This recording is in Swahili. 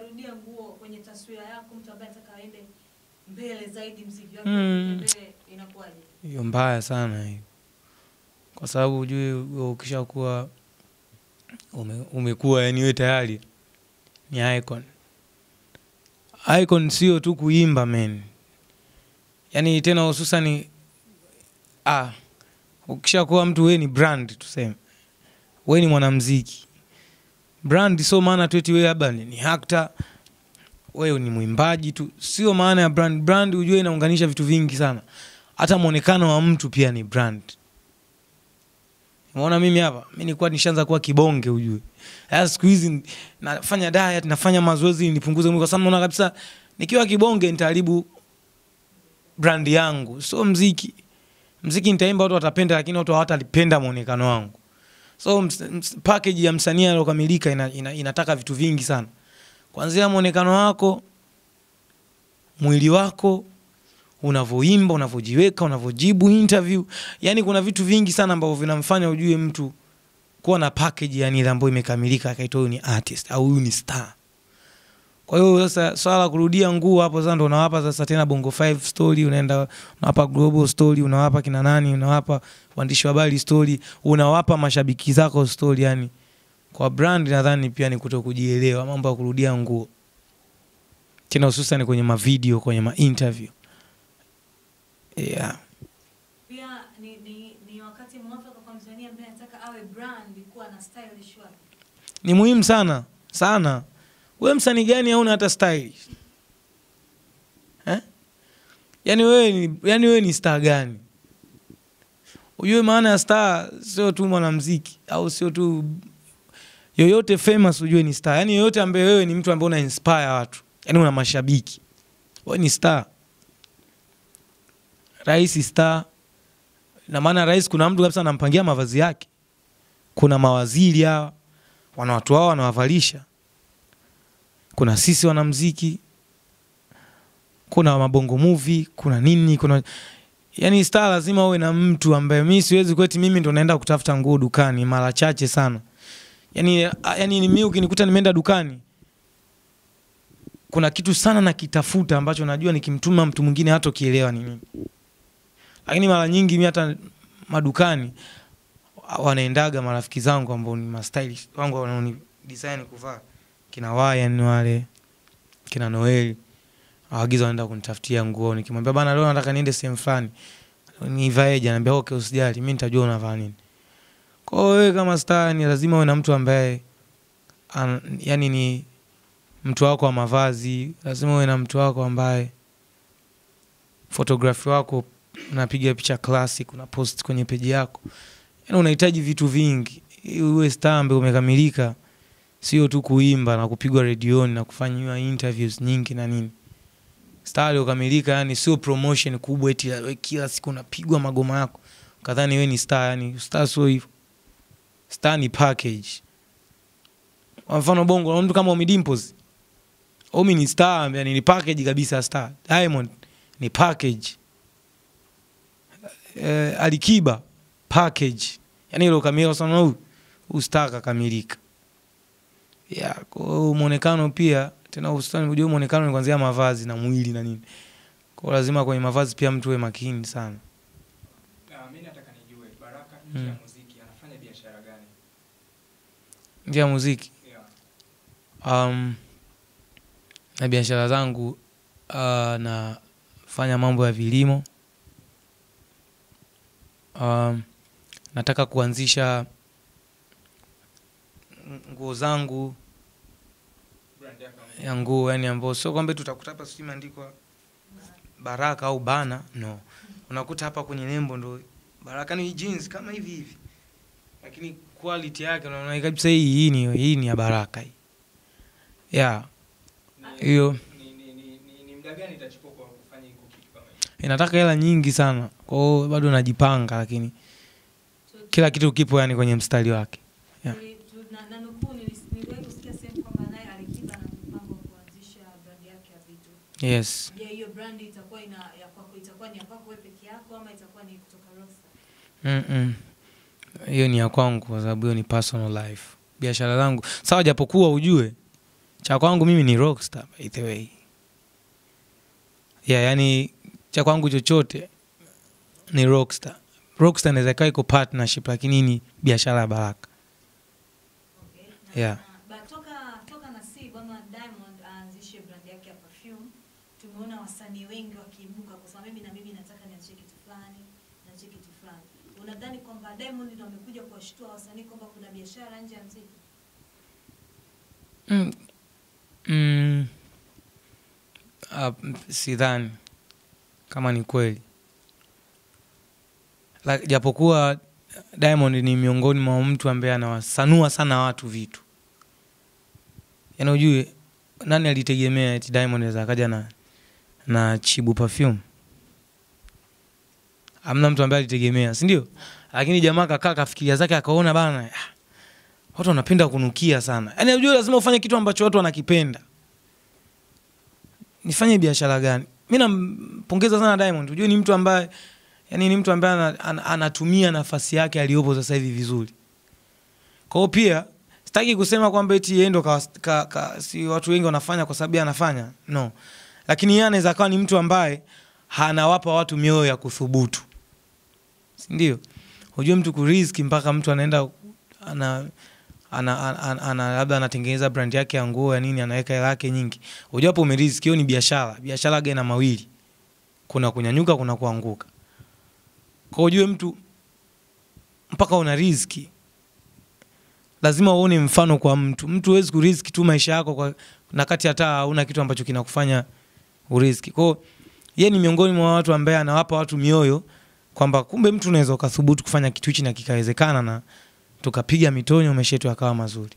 kurudiarudia nguo kwenye taswira yako, mtu ambaye anataka aende mbele zaidi, mziki wake mm. mbele, inakuwaje? Hiyo mbaya sana hiyo, kwa sababu ujue ukishakuwa ume, umekuwa yani wewe tayari ni icon. Icon sio tu kuimba men, yani tena hususani ah, ukishakuwa mtu wewe ni brand tuseme, wewe ni mwanamuziki, brand sio maana tu eti wewe labda ni ni actor wewe ni mwimbaji tu, sio maana ya brand. Brand ujue inaunganisha vitu vingi sana, hata muonekano wa mtu pia ni brand. Umeona mimi hapa, mimi nilikuwa nishaanza kuwa kibonge ujue. Sasa yaani siku hizi nafanya diet, nafanya mazoezi nipunguze mwili, kwa sababu naona kabisa nikiwa kibonge nitaharibu brand yangu. Sio mziki, mziki nitaimba watu watapenda, lakini watu hawatalipenda mwonekano wangu. So ms, package ya msanii aliyokamilika ina, ina, inataka vitu vingi sana, kuanzia mwonekano wako, mwili wako, unavyoimba, unavyojiweka, unavyojibu interview. Yani kuna vitu vingi sana ambavyo vinamfanya ujue mtu kuwa na package ya nidhamu ambayo imekamilika, akaitwa huyu ni artist au huyu ni star. Kwa hiyo sasa swala la kurudia nguo hapo sasa ndo unawapa sasa tena Bongo 5 story, unaenda unawapa Global story, unawapa kina nani, unawapa waandishi wa habari story, unawapa mashabiki zako story. Yani kwa brand nadhani pia ni kuto kujielewa mambo ya kurudia nguo tena, hususan kwenye ma video, kwenye ma interview. yeah. Pia ni, ni, ni wakati mwafaka kwa msanii ambaye anataka awe brand kuwa na stylish wake, ni muhimu sana sana we msani gani hauna hata style eh? yani wewe ni, yani wewe ni star gani ujue maana ya star sio tu mwanamziki au sio tu yoyote famous ujue ni star yani yoyote ambaye wewe ni mtu ambaye una inspire watu yani una mashabiki wewe ni star rais star na maana rais kuna mtu kabisa anampangia mavazi yake kuna mawaziri hawa wana watu wao wanawavalisha kuna sisi wanamziki, kuna mabongo muvi kuna nini, kuna yani star lazima uwe na mtu ambaye mi siwezi kweti mimi ndo naenda kutafuta nguo dukani mara chache sana. Yani, yani mi ukinikuta nimeenda dukani kuna kitu sana nakitafuta ambacho najua nikimtuma mtu mwingine hata kielewa ni nini, lakini mara nyingi mimi hata madukani wanaendaga marafiki zangu ambao ni mastylist wangu wanaoni design kuvaa kina Wayan wale kina Noel awagiza wanaenda kunitafutia nguo, nikimwambia bana, leo nataka niende sehemu fulani nivaeje, ananiambia okay, usijali, mimi nitajua unavaa nini. Kwa hiyo wewe kama star ni lazima uwe na mtu ambaye an, yani ni mtu wako wa mavazi, lazima uwe na mtu wako ambaye photography wako unapiga picha classic, una post kwenye peji yako, yani unahitaji vitu vingi uwe star ambaye umekamilika sio tu kuimba na kupigwa redioni na kufanyiwa interviews nyingi na nini stali ukamilika yani sio promotion kubwa eti kila siku unapigwa magoma yako kadhani we ni star yani star sio hivyo star ni package kwa mfano bongo na mtu kama Ommy Dimpoz Ommy ni star yani ni package kabisa star Diamond ni package eh, Alikiba package yani ile ukamilika sana huyu ustaka kamilika yeah, kwa muonekano pia tena ustani, unajua muonekano ni kuanzia mavazi na mwili na nini. Kwa lazima kwenye mavazi pia mtu awe makini sana. Ah, mimi nataka nijue Baraka nje ya hmm. muziki anafanya biashara gani? Nje ya muziki? Yeah. Um, na biashara zangu uh, nafanya mambo ya vilimo. Um, nataka kuanzisha nguo zangu ya nguo yani ambao sio kwamba tutakuta hapa sijui imeandikwa baraka au bana no unakuta hapa kwenye nembo ndo baraka ni jeans kama hivi hivi lakini quality yake unaona kabisa hii hii ni hii ni ya baraka hii yeah hiyo inataka hela nyingi sana kwao bado najipanga lakini kila kitu kipo yani kwenye mstari wake Yes. Je, hiyo brand itakuwa ina ya kwako itakuwa ni ya kwako wewe peke yako ama itakuwa ni kutoka Rosa? Mm -mm. Hiyo ni ya kwangu kwa sababu hiyo ni personal life. Biashara zangu sawa, japokuwa ujue cha kwangu mimi ni rockstar by the way. Yeah, yani cha kwangu chochote ni rockstar. Rockstar inaweza ikawa iko partnership lakini ni biashara ya Baraka. Okay. Yeah. nianzishe brandi yake ya perfume. Tumeona wasanii wengi wakiibuka kusema mimi na mimi nataka nianzishe kitu fulani, nianzishe kitu fulani. Unadhani kwamba Diamond ndio amekuja kuwashtua wasanii kwamba kuna biashara nje ya mziki? Mm. Mm. Uh, sidhani kama ni kweli like, japokuwa Diamond ni miongoni mwa mtu ambaye anawasanua sana watu vitu, yaani ujue nani alitegemea eti Diamond aweza akaja na na Chibu Perfume? amna mtu ambaye alitegemea, si ndio? Lakini jamaa kakaa kafikiria zake akaona bana, watu wanapenda kunukia sana. Yaani unajua lazima ufanye kitu ambacho watu wanakipenda. Nifanye biashara gani? Mimi nampongeza sana Diamond. Unajua ni mtu ambaye yani ni mtu ambaye anatumia nafasi yake aliyopo sasa hivi vizuri. Kwa hiyo pia sitaki kusema kwamba eti yeye ndo si watu wengi wanafanya kwa sababu anafanya no, lakini yeye anaweza akawa ni mtu ambaye anawapa watu mioyo ya kuthubutu, si ndio? Hujue mtu kuriski mpaka mtu anaenda ana ana, ana, ana, ana labda anatengeneza brand yake ya nguo ya nini, anaweka hela yake nyingi. Unajua hapo umerisk, hiyo ni biashara. Biashara gani mawili, kuna kunyanyuka, kuna kuanguka. Kwa ujue mtu mpaka una riski lazima uone mfano kwa mtu. Mtu huwezi kuriski tu maisha yako kwa, na kati hata hauna kitu ambacho kinakufanya uriski. Kwa yeye ni miongoni mwa watu ambaye anawapa watu mioyo kwamba kumbe mtu unaweza ukathubutu kufanya kitu hichi na kikawezekana, na tukapiga mitonyo, maisha yetu yakawa mazuri.